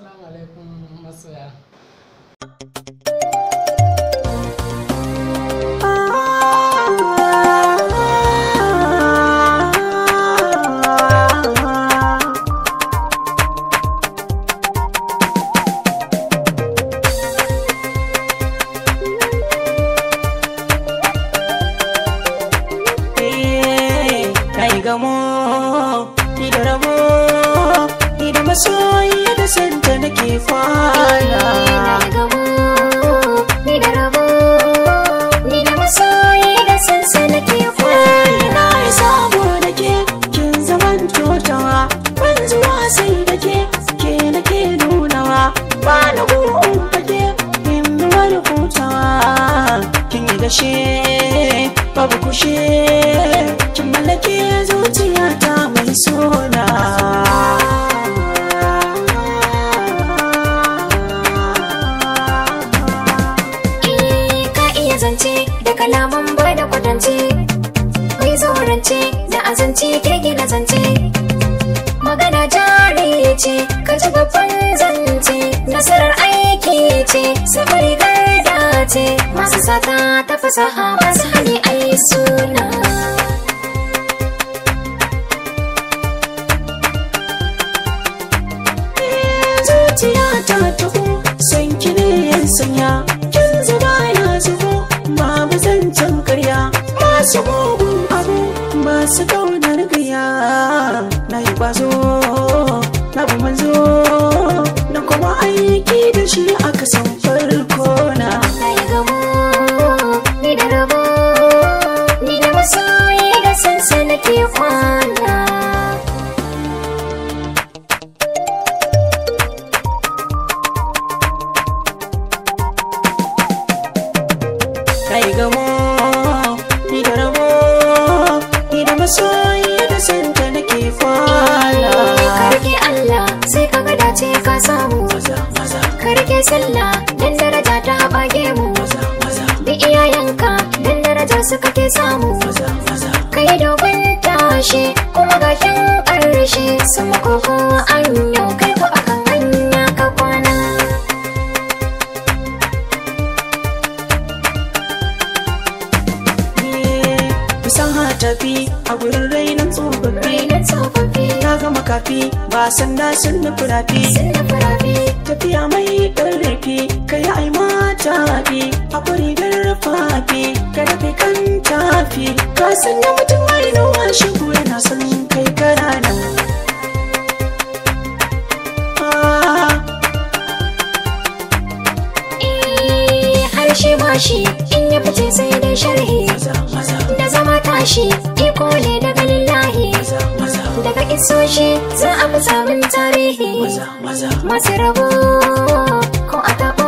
assalamu alaikum masoya fasaha masu hali a yi suna eh, zuciya ta tuhu son kine yan sanya kin zuba ya zubo babu zancen karya masu mugun abu masu kaunar gaya na yi kwazo na manzo na kuma aiki da shi aka san farin samu ka rike sallah dan daraja ta haɓage mu bi iyayenka dan daraja su kake samu ka yi dogon tashi kuma ga kyan ƙarshe makoko an yau kai ko akan hanya ka kwana eh, a gurin kafi ba sanda sun na furafi tafiya mai ƙarfi ka yi ai mata a kuri fafi ka dafe kan tafi ka sanya mutum mai noma shi yana son kai karana eh, harshe ba shi in ya fice sai dai sharhi da zama tashi iko ne da so za a fi samun tarihi masu rabo ko a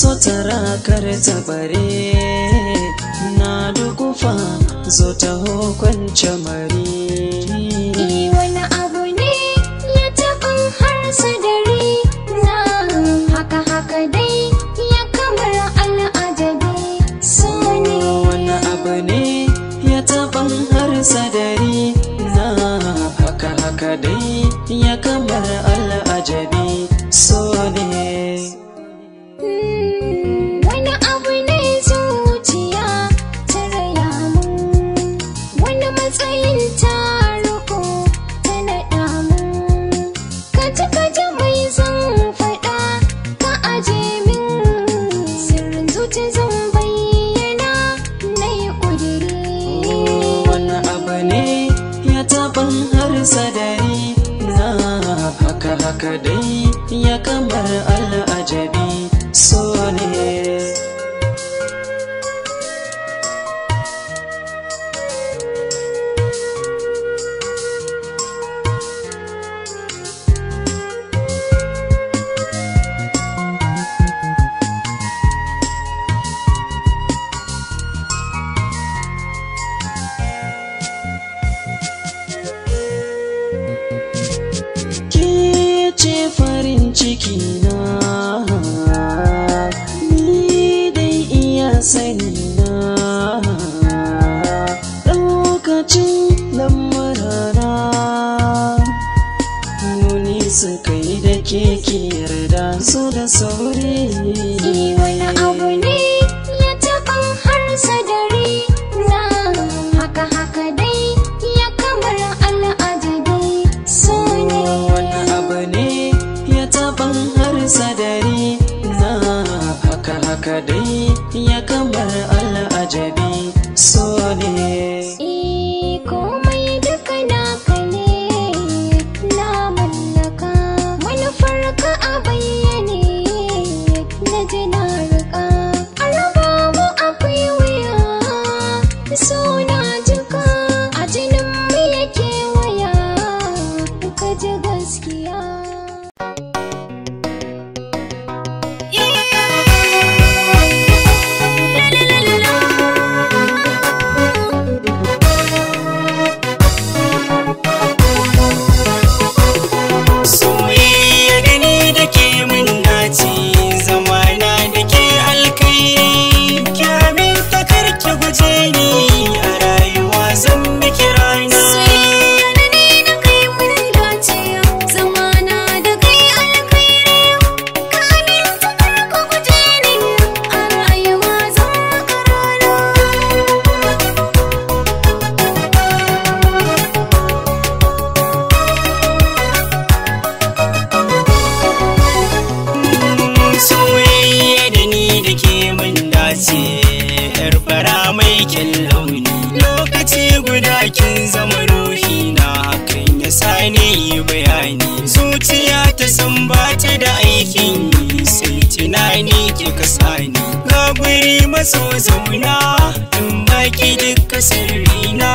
sotara karetabare nadokufa zotaa kadai ya kamar al'ajabi so ce farin ciki na ni dai iya sani na lokacin lamarana nuni su kai da ke yarda su da sauri wani abu ne kin zama ruhi na hakan ya sani bayani zuciya ta san ba ta da aikin yi sai tunani ke ka sani ga guri maso zauna in baki duka sirrina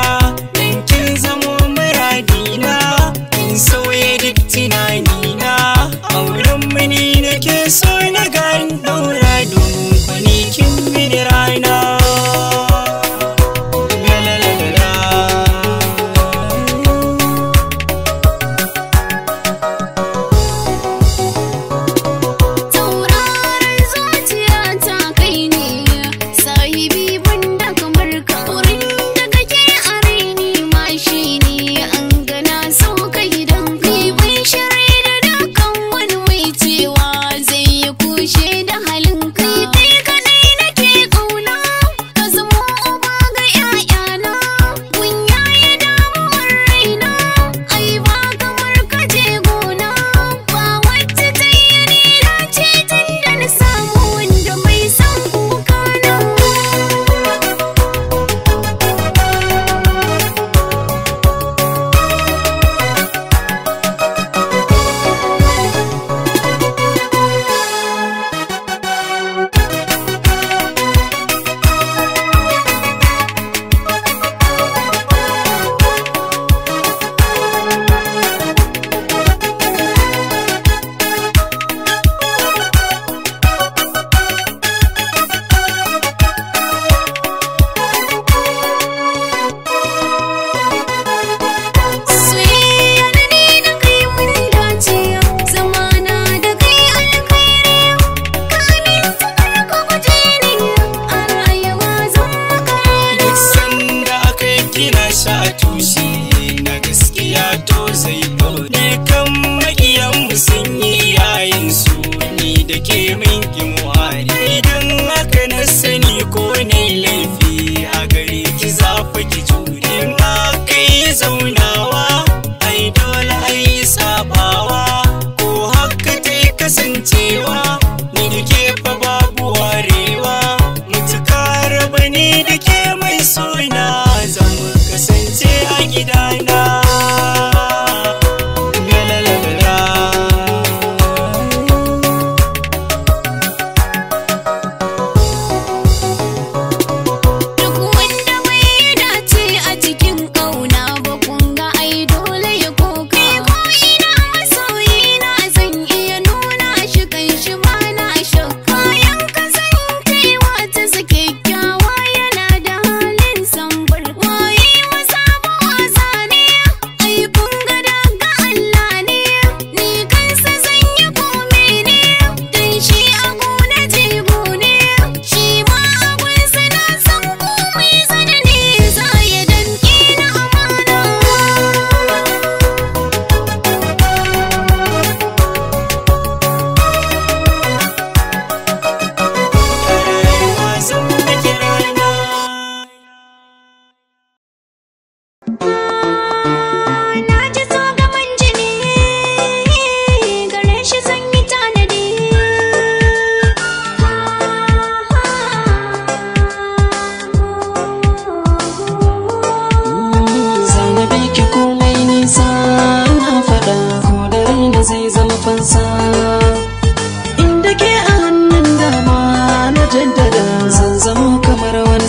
me.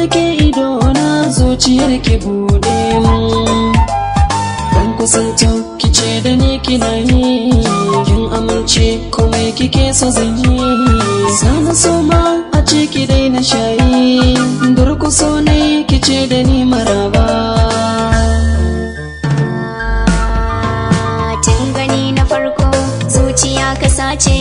da ke ido na zuciyar ki bude mu kan kusancin ki ce da ni kina yi kin amince komai kike so zan yi sana so ma a ciki ki daina shayi durkuso ne ki ce da ni maraba ce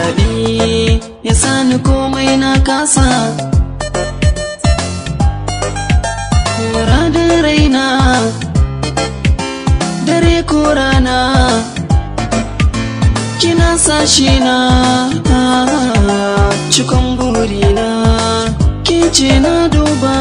zaɓe ya sani komai na kasa kora da raina dare ko rana kina sashi na cikon burina ke na duba